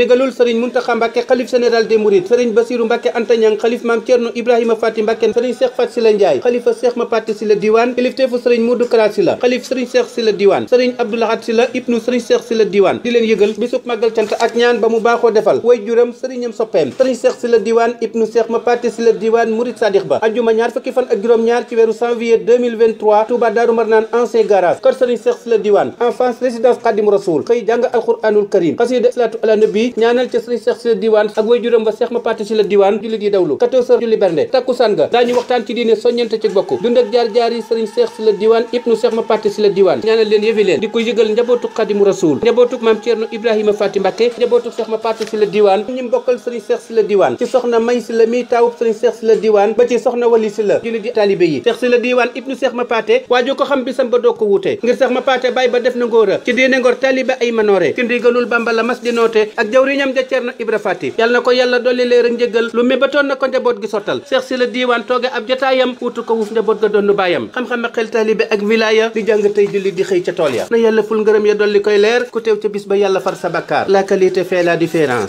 ndigalul sëriñ muntaxa mbàkke khalif general des mourides sëriñ basiru mbake anta khalif mam maam cerno ibrahima fatim mbake sëriñ seex fat ndjay la njaay ma pati si la diwaan kilifteefu sëriñ mudu kara sila la xalif sëriñ seex si la ibnu sëriñ seex sila diwan di len yëgal bisub magal cant ak ñaan ba mu baxo defal way juram sëriñam soppeem sopem seex si la diwan ibnu seex ma pati diwan la murid sadix ba aljuma ñaar fukki fan ak juram ñaar ci wéru janvier 2023 touba daru marnan ancien garage kër sëriñ seex sila diwan diwaan en face résidence qadim rasoul xëy jang alquranul karim qasida salatu ala nabi bi ñaanal ca sëriñ Seex si la diwaan ak way juróom ba Seex ma parti si la diwaan jullit yi dawlu 14 heures julli bernde takkusaan ga daañu waxtaan ci diine soññante ci bokk dund jaar jaar sëriñ Seex si la diwaan ibnu Seex ma parti si la diwaan ci soxna May si la mi taawub sëriñ Seex si la diwaan ba ci soxna Wali si la jullit yi taalibe yi Seex si la diwaan ibnu Seex ma paate waaju ko xam bisam ba doo ko wuute ngir Seex ma paate bay ba jëwriñam ja Ceerno Ibra Faati yal na ko yàlla dolli leer ak njëgal lu mébatoon na ko njaboot gi sottal Seex si la diiwaan tooge ab jataayam wuutu ko wuuf njaboot ga doon baayam xam-xam ak xel taalibe ak wilaaya di jàng tey julli di xëy ca tool ya na yàlla ful ngërëm ya dolli koy leer ku teew ca bis ba yàlla far sa bakkaar la qualité fait la différence